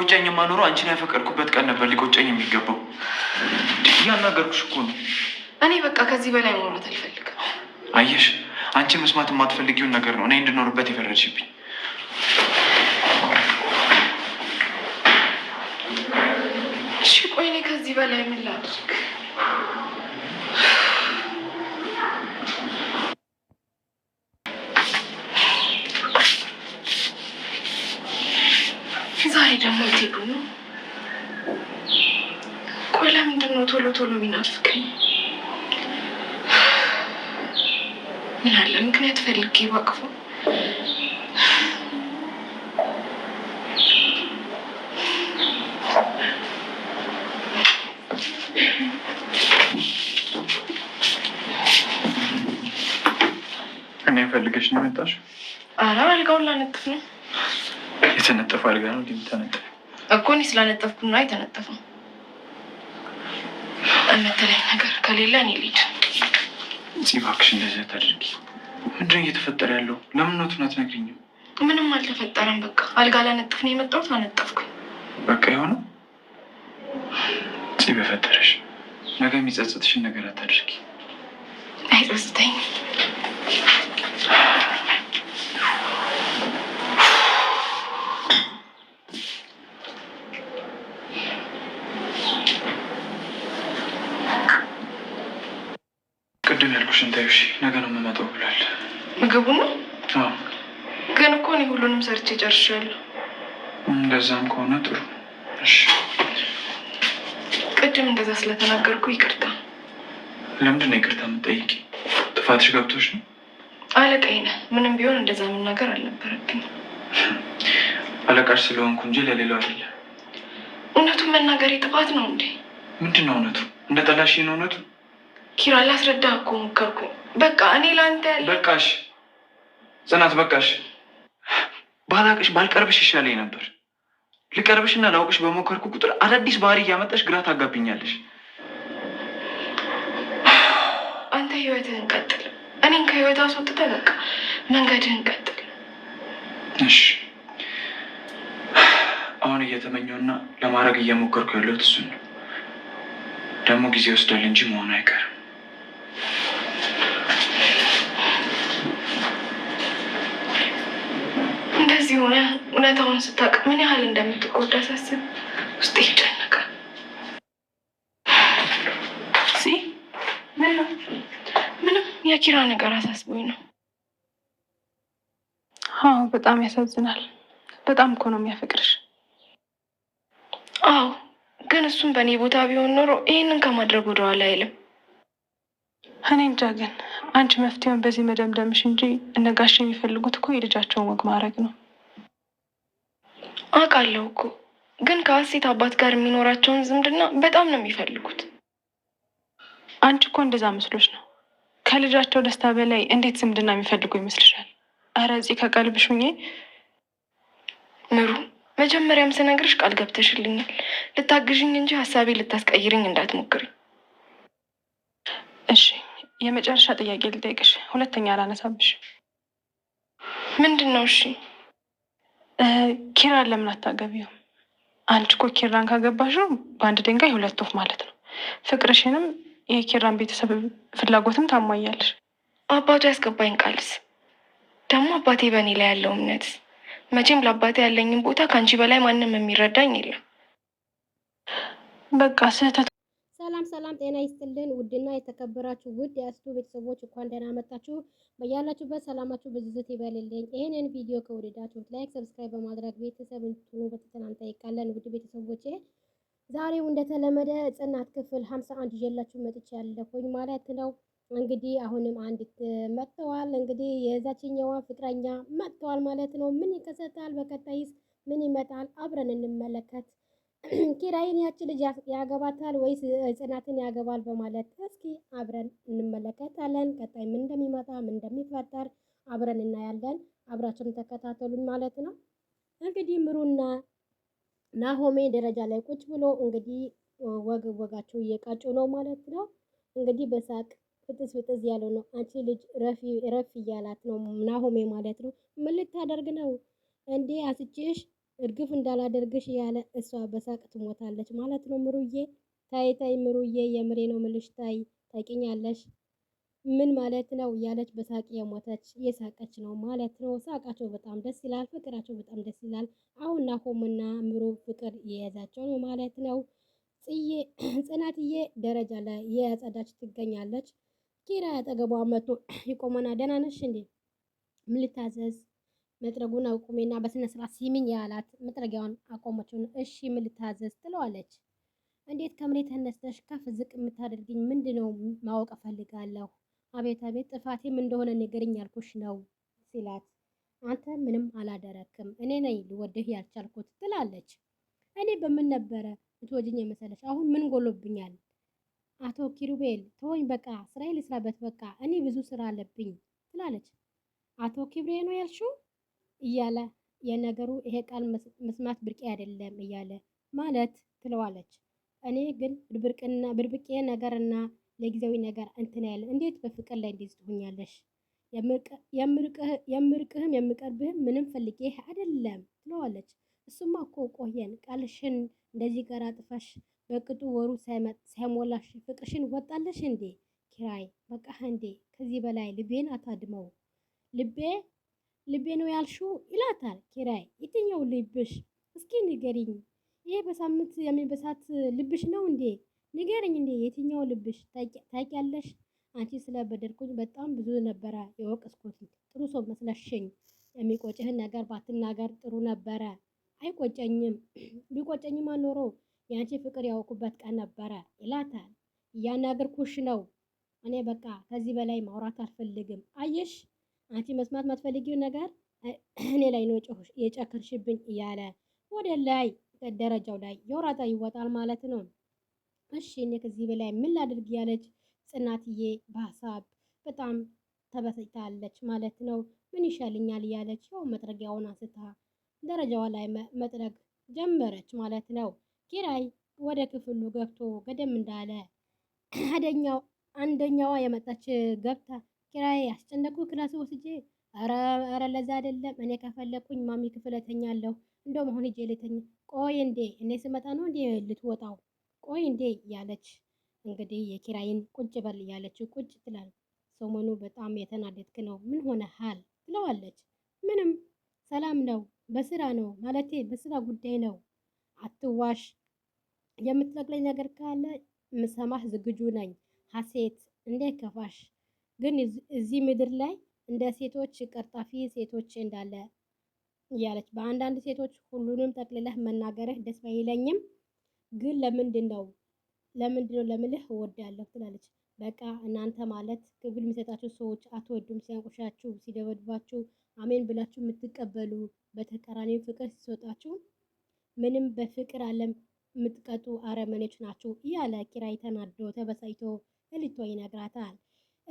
ጎጨኝ ማኖሩ አንቺን ያፈቀድኩበት ቀን ነበር ሊቆጨኝ የሚገባው። እያናገርኩሽ እኮ ነው። እኔ በቃ ከዚህ በላይ ማውራት አልፈልግም። አየሽ፣ አንቺ መስማት የማትፈልጊውን ነገር ነው እኔ እንድኖርበት የፈረድሽብኝ። እሺ ቆይ እኔ ከዚህ በላይ ምን ላድርግ? ፈልጌ ባቅፎ እኔ ፈልገሽ ነው የመጣሽ? ኧረ አልጋውን ላነጥፍ ነው። የተነጠፈ አልጋ ነው የሚተነጠፍ እኮ እኔ ስላነጠፍኩና የተነጠፈው መተለኝ ነገር ከሌለ እኔ ልሂድ። እባክሽ እንደዚህ አታድርጊ። ምንድን እየተፈጠረ ያለው? ለምን እውነቱን አትነግሪኝም? ምንም አልተፈጠረም። በቃ አልጋ ላነጥፍ ነው የመጣሁት፣ አነጠፍኩኝ። በቃ የሆነ ጽ በፈጠረሽ ነገ የሚጸጽትሽን ነገር አታድርጊ። አይጸጽተኝም። ምግቡ ነው ግን እኮ እኔ ሁሉንም ሰርቼ ጨርሻለሁ። እንደዛም ከሆነ ጥሩ። እሺ፣ ቅድም እንደዛ ስለተናገርኩ ይቅርታ። ለምንድን ነው ይቅርታ የምጠይቂ? ጥፋትሽ ገብቶሽ ነው? አለቃዬ ምንም ቢሆን እንደዛ መናገር አልነበረብኝ። አለቃሽ ስለሆንኩ እንጂ ለሌላው አይደለም። እውነቱን መናገር ጥፋት ነው እንዴ? ምንድን ነው እውነቱ? እንደ ጠላሽ ነው እውነቱ? ኪራ ላስረዳ እኮ ሞከርኩ። በቃ እኔ ለአንተ በቃሽ ጽናት በቃሽ። ባላቅሽ ባልቀርብሽ ይሻለኝ ነበር። ልቀርብሽና ላውቅሽ በሞከርኩ ቁጥር አዳዲስ ባህሪ እያመጣሽ ግራ ታጋብኛለሽ። አንተ ህይወትህን ቀጥል፣ እኔን ከህይወት አስወጥተህ በቃ መንገድህን ቀጥል። እሺ፣ አሁን እየተመኘውና ለማድረግ እየሞከርኩ ያለሁት እሱን ነው። ደግሞ ጊዜ ይወስዳል እንጂ መሆኑ አይቀርም። እንደዚህ ሆነ እውነታውን ስታውቅ ምን ያህል እንደምትጎዳ ሳስብ ውስጤ ይጨነቃል። ምን ነው ምንም የኪራ ነገር አሳስቦኝ ነው። አዎ በጣም ያሳዝናል። በጣም እኮ ነው የሚያፈቅርሽ። አዎ ግን እሱም በእኔ ቦታ ቢሆን ኖሮ ይህንን ከማድረግ ወደኋላ አይልም። እኔ እንጃ ግን አንቺ መፍትሄውን በዚህ መደምደምሽ እንጂ እነጋሽ የሚፈልጉት እኮ የልጃቸውን ወግ ማድረግ ነው። አውቃለሁ እኮ ግን ከአሴት አባት ጋር የሚኖራቸውን ዝምድና በጣም ነው የሚፈልጉት። አንቺ እኮ እንደዛ መስሎች ነው። ከልጃቸው ደስታ በላይ እንዴት ዝምድና የሚፈልጉ ይመስልሻል? ኧረ እዚህ ከቀልብሽ ሁኜ ምሩ፣ መጀመሪያም ስነግርሽ ቃል ገብተሽልኛል። ልታግዥኝ እንጂ ሀሳቤ ልታስቀይርኝ እንዳትሞክሪ እሺ። የመጨረሻ ጥያቄ ልጠይቅሽ፣ ሁለተኛ አላነሳብሽ። ምንድን ነው? እሺ ኪራን ለምን አታገቢው? አንቺ እኮ ኪራን ካገባሽው በአንድ ድንጋይ ሁለት ወፍ ማለት ነው። ፍቅርሽንም የኪራን ቤተሰብ ፍላጎትም ታሟያለሽ። አባቱ ያስገባኝ ቃልስ ደግሞ አባቴ በእኔ ላይ ያለው እምነት መቼም ለአባቴ ያለኝን ቦታ ከአንቺ በላይ ማንም የሚረዳኝ የለም። በቃ ስህተት ሰላም ሰላም፣ ጤና ይስጥልን ውድና የተከበራችሁ ውድ የአስቱ ቤተሰቦች እንኳን ደህና መጣችሁ። በያላችሁበት ሰላማችሁ ብዝዝት ይበልልኝ። ይህንን ቪዲዮ ከወደዳችሁት ላይክ፣ ሰብስክራይብ በማድረግ ቤተሰብ እንድትሆኑ በትህትና እንጠይቃለን። ውድ ቤተሰቦቼ ዛሬው እንደተለመደ ጽናት ክፍል ሀምሳ አንድ ይዤላችሁ ያለሁኝ ማለት ነው። እንግዲህ አሁንም አንድ መጥተዋል። እንግዲህ የዛችኛዋ ፍቅረኛ መጥተዋል ማለት ነው። ምን ይከሰታል? በቀጣይስ ምን ይመጣል? አብረን እንመለከት ኪራይን ያቺ ልጅ ያገባታል ወይስ ጽናትን ያገባል በማለት እስኪ አብረን እንመለከታለን። ቀጣይ ምን እንደሚመጣ ምን እንደሚፈጠር አብረን እናያለን። አብራችሁን ተከታተሉን ማለት ነው። እንግዲህ ምሩና ናሆሜ ደረጃ ላይ ቁጭ ብሎ እንግዲህ ወግ ወጋቸው እየቃጩ ነው ማለት ነው። እንግዲህ በሳቅ ፍጥዝ ፍጥዝ ያለ ነው። አንቺ ልጅ ረፊ ረፊ እያላት ነው ናሆሜ ማለት ነው። ምን ልታደርግ ነው እንዴ አስቼሽ እርግፍ እንዳላደርግሽ ያለ እሷ በሳቅ ትሞታለች ማለት ነው። ምሩዬ ታይ ታይ፣ ምሩዬ የምሬ ነው ምልሽ፣ ታይ ታቂኛለሽ፣ ምን ማለት ነው ያለች በሳቅ የሞተች የሳቀች ነው ማለት ነው። ሳቃቸው በጣም ደስ ይላል፣ ፍቅራቸው በጣም ደስ ይላል። አሁን ናሆምና ምሩ ፍቅር የያዛቸው ነው ማለት ነው። ጽናትዬ ደረጃ ላይ የያጸዳች ትገኛለች። ኪራ ያጠገቧ መቶ ይቆመና ደህና ነሽ እንዴ? ምን ልታዘዝ መጥረጉን አቁሜና በስነ ስርዓት ሲሚኝ ያላት መጥረጊያውን አቆመችውን። እሺ ምን ልታዘዝ ትለዋለች። እንዴት ከመሬት ተነስተሽ ከፍ ዝቅ የምታደርግኝ ምንድነው? ማወቅ እፈልጋለሁ። አቤት አቤት ጥፋቴ እንደሆነ ንገሪኝ ያልኩሽ ነው ሲላት፣ አንተ ምንም አላደረክም እኔ ነኝ ልወድህ ያልቻልኩት ትላለች። እኔ በምን ነበረ ልትወጂኝ የመሰለሽ? አሁን ምን ጎሎብኛል? አቶ ኪሩቤል ተወኝ፣ በቃ ስራዬ ልስራበት፣ በቃ እኔ ብዙ ስራ አለብኝ ትላለች። አቶ ኪብሬ ነው ያልሽው? እያለ የነገሩ ይሄ ቃል መስማት ብርቄ አይደለም እያለ ማለት ትለዋለች። እኔ ግን ብርቅና ብርብቄ ነገርና ለጊዜያዊ ነገር እንትን ያለ እንዴት በፍቅር ላይ እንዴት ትሆኛለሽ? የምርቅህም የምቀርብህም ምንም ፈልጌ አይደለም ትለዋለች። እሱማ እኮ ቆየን ቃልሽን እንደዚህ ጋር አጥፋሽ በቅጡ ወሩ ሳይሞላሽ ፍቅርሽን ወጣለሽ እንዴ? ኪራይ በቃህ እንዴ? ከዚህ በላይ ልቤን አታድመው ልቤ ልቤ ነው ያልሽው ይላታል ኪራይ። የትኛው ልብሽ እስኪ ንገሪኝ። ይሄ በሳምንት የሚበሳት ልብሽ ነው እንዴ? ንገሪኝ እንዴ የትኛው ልብሽ ታውቂያለሽ? አንቺ ስለ በደልኩኝ በጣም ብዙ ነበረ የወቀስኩት። ጥሩ ሰው መስለሽኝ። የሚቆጭህን ነገር ባትናገር ጥሩ ነበረ። አይቆጨኝም። ቢቆጨኝም ኖሮ የአንቺ ፍቅር ያወቁበት ቀን ነበረ ይላታል። እያናገርኩሽ ነው እኔ በቃ ከዚህ በላይ ማውራት አልፈልግም። አየሽ አንቺ መስማት ማትፈልጊው ነገር እኔ ላይ ነው የጨክርሽብኝ እያለ ወደ ላይ ደረጃው ላይ የወራጣ ይወጣል ማለት ነው። እሺ እኔ ከዚህ በላይ ምን ላድርግ ያለች ጽናትዬ በሀሳብ በጣም ተበሳጭታለች ማለት ነው። ምን ይሻልኛል እያለች ያው መጥረጊያውን አንስታ ደረጃዋ ላይ መጥረግ ጀመረች ማለት ነው። ኪራይ ወደ ክፍሉ ገብቶ ገደም እንዳለ አደኛው አንደኛዋ የመጣች ገብታ ኪራይ አስጨነቁ ክላስ ወስጄ አረ ለዛ አይደለም እኔ ከፈለኩኝ ማሚ ክፍል እተኛለሁ። እንደው መሆን ሂጄ ልተኝ። ቆይ እንዴ እኔ ስመጣ ነው እንዴ ልትወጣው? ቆይ እንዴ ያለች እንግዲህ የኪራይን ቁጭ በል ያለችው ቁጭ ትላል። ሰሞኑ በጣም የተናደድክ ነው ምን ሆነሃል? ትለዋለች። ምንም ሰላም ነው በስራ ነው ማለቴ በስራ ጉዳይ ነው። አትዋሽ። የምትጠቅለኝ ነገር ካለ ምሰማህ ዝግጁ ነኝ። ሀሴት እንዴት ከፋሽ? ግን እዚህ ምድር ላይ እንደ ሴቶች ቀርጣፊ ሴቶች እንዳለ እያለች በአንዳንድ ሴቶች ሁሉንም ጠቅልለህ መናገርህ ደስ ባይለኝም ግን ለምንድን ነው ለምንድን ነው ለምልህ እወዳለሁ ትላለች። በቃ እናንተ ማለት ክብር የሚሰጣችሁ ሰዎች አትወዱም። ሲያንቁሻችሁ፣ ሲደበድባችሁ አሜን ብላችሁ የምትቀበሉ በተቃራኒው ፍቅር ሲሰጣችሁ ምንም በፍቅር ዓለም የምትቀጡ አረመኔዎች ናችሁ እያለ ኪራይ ተናዶ ተበሳጭቶ ልጅቷ ይነግራታል።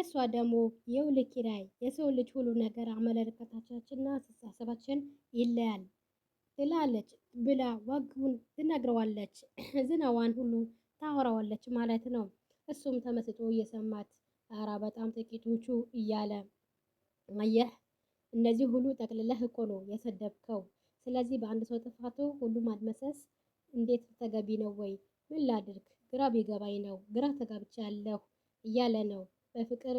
እሷ ደግሞ የውልክ ኪራይ የሰው ልጅ ሁሉ ነገር አመለካከታችንና አስተሳሰባችን ይለያል ትላለች ብላ ዋግቡን ትነግረዋለች። ዝናዋን ሁሉ ታወራዋለች ማለት ነው። እሱም ተመስጦ እየሰማት ኧረ በጣም ጥቂቶቹ እያለ አየህ፣ እነዚህ ሁሉ ጠቅልለህ እኮ ነው የሰደብከው። ስለዚህ በአንድ ሰው ጥፋቱ ሁሉም ማድመሰስ እንዴት ተገቢ ነው ወይ? ምን ላድርግ፣ ግራ ቢገባኝ ነው፣ ግራ ተጋብቻለሁ እያለ ነው በፍቅር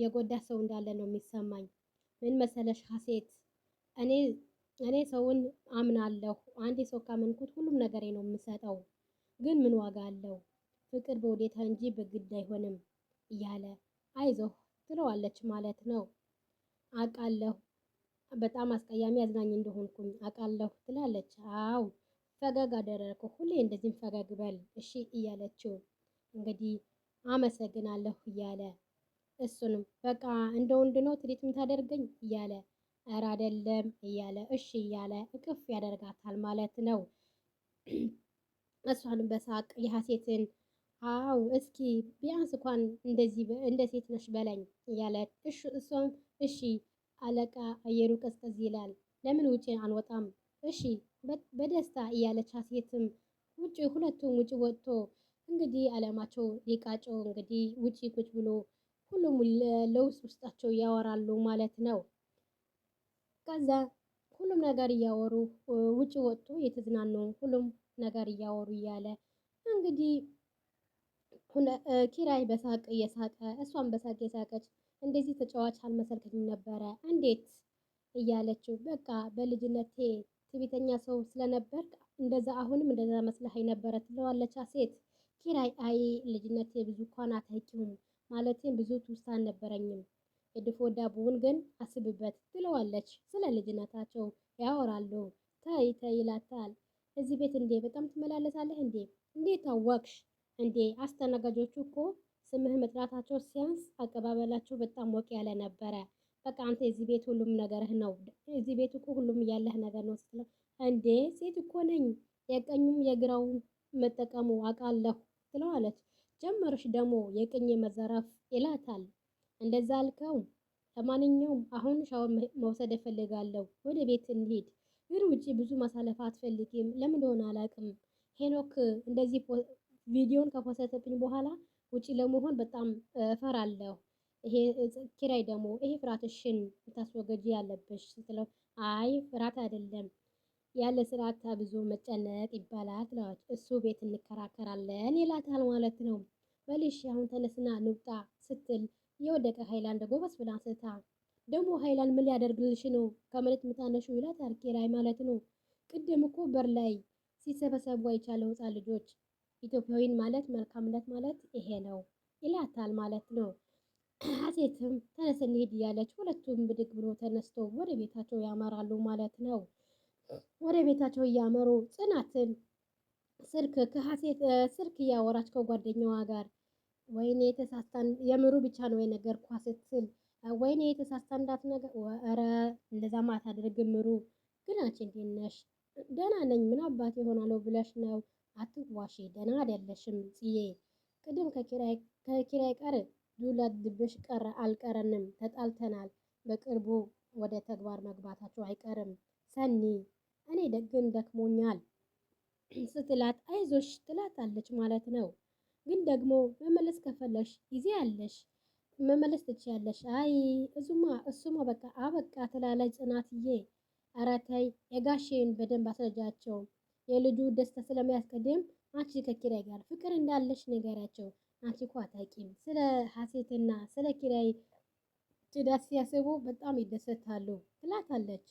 የጎዳ ሰው እንዳለ ነው የሚሰማኝ። ምን መሰለሽ ሀሴት፣ እኔ እኔ ሰውን አምናለሁ። አንድ ሰው ካመንኩት ሁሉም ነገሬ ነው የምሰጠው። ግን ምን ዋጋ አለው? ፍቅር በውዴታ እንጂ በግድ አይሆንም እያለ አይዞህ ትለዋለች ማለት ነው። አውቃለሁ በጣም አስቀያሚ አዝናኝ እንደሆንኩኝ አውቃለሁ ትላለች። አው ፈገግ አደረግኩ ሁሌ እንደዚህም ፈገግ በል እሺ እያለችው እንግዲህ አመሰግናለሁ እያለ እሱንም በቃ እንደ ወንድ ነው ትሪት የምታደርገኝ እያለ ኧረ አይደለም እያለ እሺ እያለ እቅፍ ያደርጋታል ማለት ነው። እሷን በሳቅ የሐሴትን አው እስኪ ቢያንስ እንኳን እንደዚህ እንደ ሴት ነሽ በለኝ እያለ እሺ እሷም እሺ አለቃ አየሩ ቀዝቀዝ ይላል። ለምን ውጪ አንወጣም? እሺ በደስታ እያለች ሀሴትም ውጪ ሁለቱም ውጪ ወጥቶ እንግዲህ አለማቸው ሊቃጨው እንግዲህ ውጪ ቁጭ ብሎ ሁሉም ለውስጥ ውስጣቸው ያወራሉ ማለት ነው። ከዛ ሁሉም ነገር እያወሩ ውጭ ወጡ የተዝናኑ ሁሉም ነገር እያወሩ እያለ እንግዲህ ኪራይ በሳቅ እየሳቀ እሷን በሳቅ የሳቀች እንደዚህ ተጫዋች አልመሰልከኝም ነበረ እንዴት እያለችው በቃ በልጅነቴ ትቢተኛ ሰው ስለነበር እንደዛ አሁንም እንደዛ መስለህ ነበረ ትለዋለች ሴት ኪራይ አይ ልጅነቴ ብዙ እንኳን አታውቂውም ማለትም ብዙ ትውስታ አልነበረኝም። የድፎ ዳቦውን ግን አስብበት ትለዋለች። ስለ ልጅነታቸው ያወራሉ። ተይ ተይ ይላታል። እዚህ ቤት እንዴ በጣም ትመላለሳለህ እንዴ? እንዴ ታወቅሽ እንዴ? አስተናጋጆቹ እኮ ስምህ መጥራታቸው ሲያንስ አቀባበላቸው በጣም ወቅ ያለ ነበረ። በቃ አንተ እዚህ ቤት ሁሉም ነገርህ ነው። እዚህ ቤት እኮ ሁሉም ያለህ ነገር ነው ስትለው እንዴ ሴት እኮ ነኝ የቀኙም የግራው መጠቀሙ አውቃለሁ ትለዋለች። ጀመርሽ ደግሞ የቅኝ መዘረፍ ይላታል። እንደዛ አልከው። ለማንኛውም አሁን ሻወር መውሰድ እፈልጋለሁ። ወደ ቤት እንሂድ። ግን ውጪ ብዙ ማሳለፍ አትፈልጊም። ለምን እንደሆነ አላውቅም። ሄኖክ እንደዚህ ቪዲዮን ከፖሰተብኝ በኋላ ውጪ ለመሆን በጣም እፈራለሁ። ይሄ ኪራይ ደግሞ ይሄ ፍርሃትሽን ታስወገጂ ያለብሽ ስትለው፣ አይ ፍርሃት አይደለም ያለ ስርዓት ብዙ መጨነቅ ይባላል ትለዋለች። እሱ ቤት እንከራከራለን ይላታል ማለት ነው። በልሽ አሁን ተነስና ንውጣ ስትል የወደቀ ሀይላንድ ጎበስ ብላ አንስታ ደግሞ ሀይላንድ ምን ሊያደርግልሽ ነው ከመሬት የምታነሹ ይላታል ላይ ማለት ነው። ቅድም እኮ በር ላይ ሲሰበሰቡ አይቻለው ህፃን ልጆች ኢትዮጵያዊን ማለት መልካምነት ማለት ይሄ ነው ይላታል ማለት ነው። ሀሴትም ተነስ እንሂድ እያለች ሁለቱም ብድግ ብሎ ተነስተው ወደ ቤታቸው ያመራሉ ማለት ነው። ወደ ቤታቸው እያመሩ ጽናትን ስልክ ከሀሴት ስልክ እያወራች ከጓደኛዋ ጋር ወይኔ የተሳሳን የምሩ ብቻ ነው የነገርኳ ስትል ወይኔ የተሳሳ እንዳትነገር ኧረ እንደዛማ አታደርግም ምሩ ግን አንቺ እንዴት ነሽ ደህና ነኝ ምን አባት ይሆናለሁ ብለሽ ነው አትዋሺ ደህና አይደለሽም ጽዬ ቅድም ከኪራይ ቀር ዱላ ድብሽ ቀረ አልቀረንም ተጣልተናል በቅርቡ ወደ ተግባር መግባታቸው አይቀርም ሰኒ እኔ ደግም ደክሞኛል ስትላት አይዞሽ አለች ማለት ነው። ግን ደግሞ መመለስ ከፈለሽ ጊዜ አለሽ መመለስ ትችያለሽ። አይ እዙማ እሱማ በቃ አበቃ ትላለች ጽናትዬ። ኧረ ተይ የጋሼን በደንብ አስረጃቸው። የልጁ ደስታ ስለሚያስቀድም አንቺ ከኪራይ ጋር ፍቅር እንዳለሽ ንገሪያቸው። አንቺ እኮ አታውቂም። ስለ ሀሴትና ስለ ኪራይ ጭዳት ሲያስቡ በጣም ይደሰታሉ ትላታለች።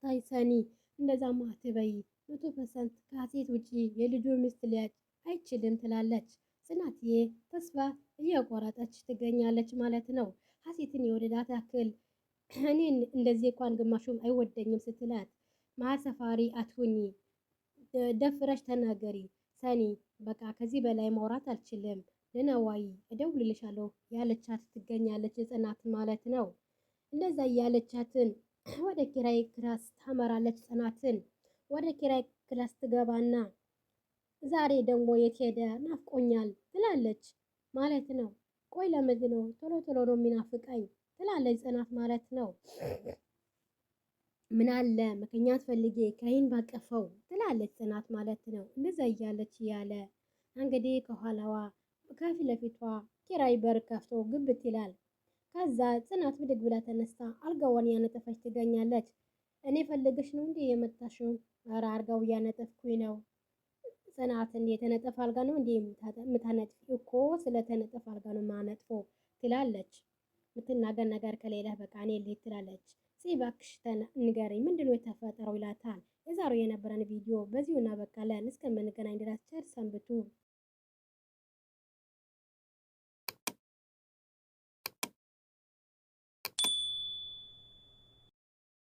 ታይ ሰኒ እንደዛማ አትበይ መቶ ፐርሰንት ከሀሴት ውጪ የልጁ ሚስት ሊያጭ አይችልም ትላለች። ጽናትዬ ተስፋ እያቋረጠች ትገኛለች ማለት ነው። ሀሴትን የወደዳት ያክል እኔን እንደዚህ እንኳን ግማሹም አይወደኝም ስትላት፣ ማሰፋሪ አትሁኚ፣ ደፍረሽ ተናገሪ ሰኒ፣ በቃ ከዚህ በላይ ማውራት አልችልም፣ ልነዋይ እደውልልሻለሁ ያለቻት ትገኛለች ጽናት ማለት ነው። እንደዛ ያለቻትን ወደ ኪራይ ክላስ ታመራለች ጽናትን ወደ ኪራይ ክላስ ትገባና ዛሬ ደግሞ የት ሄደ ናፍቆኛል ትላለች ማለት ነው። ቆይ ለምንድን ነው ቶሎ ቶሎ ነው የሚናፍቀኝ ትላለች ጽናት ማለት ነው። ምን አለ ምክንያት ፈልጌ ከይን ባቀፈው ትላለች ጽናት ማለት ነው። እንደዛ እያለች እያለ እንግዲህ ከኋላዋ ከፊት ለፊቷ ኪራይ በር ከፍቶ ግብት ይላል። ከዛ ጽናት ብድግ ብላ ተነስታ አልጋዋን ያነጠፈች ትገኛለች። እኔ ፈልገሽ ነው እንዴ የመጣሽው ኧረ አልጋው እያነጠፍኩኝ ነው። ጽናት እንዴ የተነጠፈ አልጋ ነው እንዴ የምታነጥፍ? እኮ ስለተነጠፈ አልጋ ነው ማነጥፎ ትላለች። የምትናገር ነገር ከሌለ በቃ እኔ ልሂድ ትላለች። ጽ እባክሽ ንገረኝ ምንድን ነው የተፈጠረው ይላታል። የዛሬው የነበረን ቪዲዮ በዚሁ እናበቃለን። እስከምንገናኝ ድረስ ቸር ሰንብቱ።